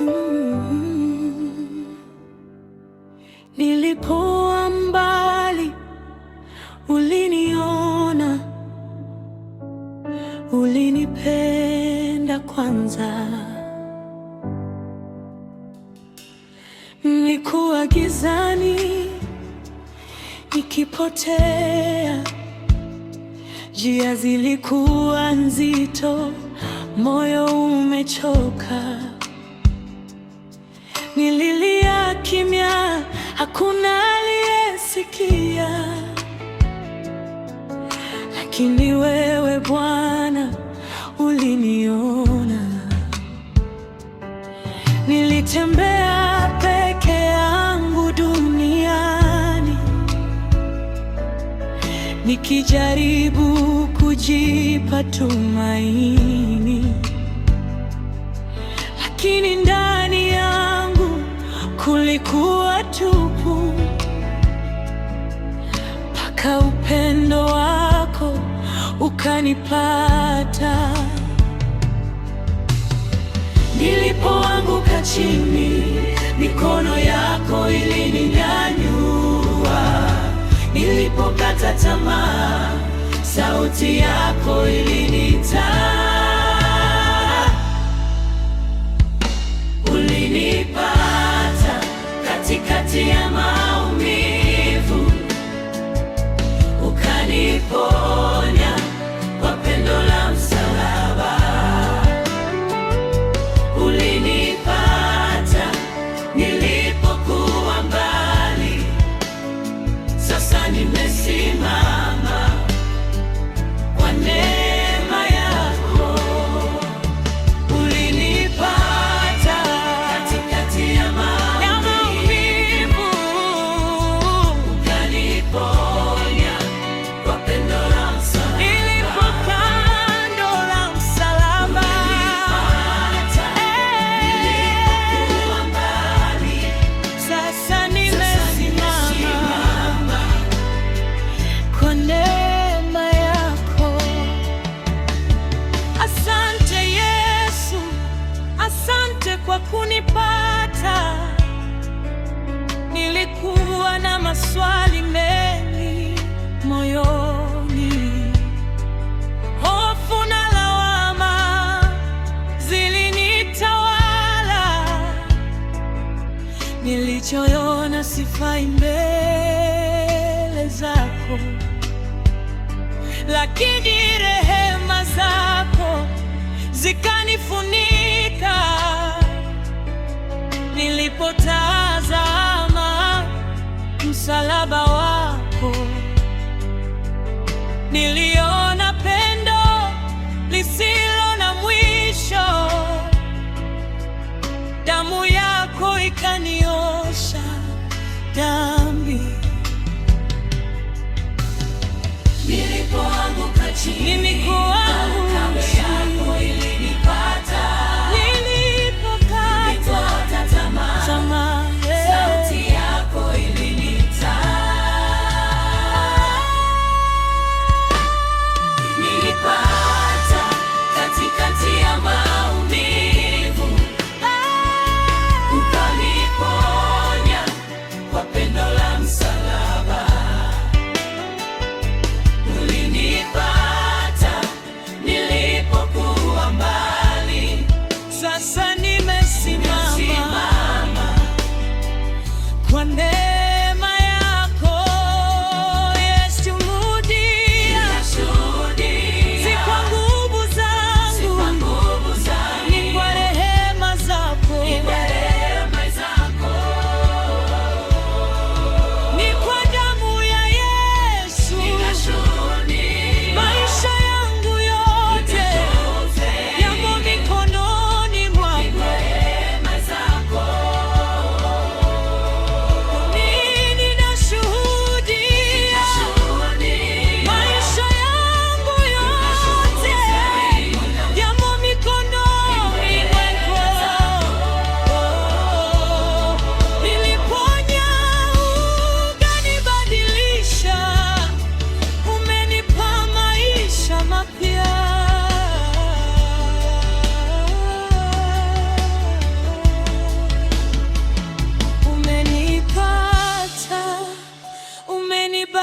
Mm-hmm. Nilipoa mbali uliniona, ulinipenda kwanza, nilikuwa gizani nikipotea, njia zilikuwa nzito, moyo umechoka nililia kimya, hakuna aliyesikia, lakini wewe Bwana uliniona. Nilitembea peke yangu duniani nikijaribu kujipa tumaini, lakini kulikuwa tupu mpaka upendo wako ukanipata. Nilipoanguka chini, mikono yako ilininyanyua. Nilipokata tamaa, sauti yako ilinita TMI. nilichoyona sifai mbele zako, lakini rehema zako zikanifunika. Nilipotazama msalaba wako nilio ¡Gracias!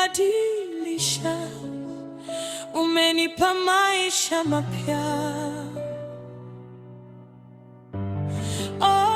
umenibadilisha, umenipa maisha mapya. Oh,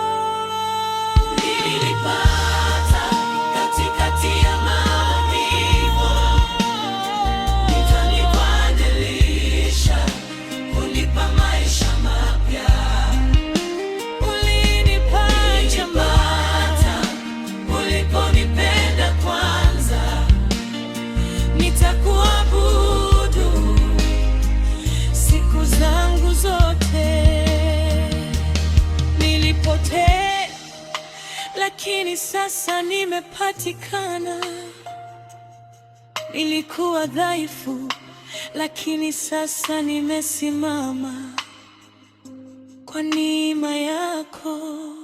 lakini sasa nimepatikana. Nilikuwa dhaifu, lakini sasa nimesimama kwa neema yako.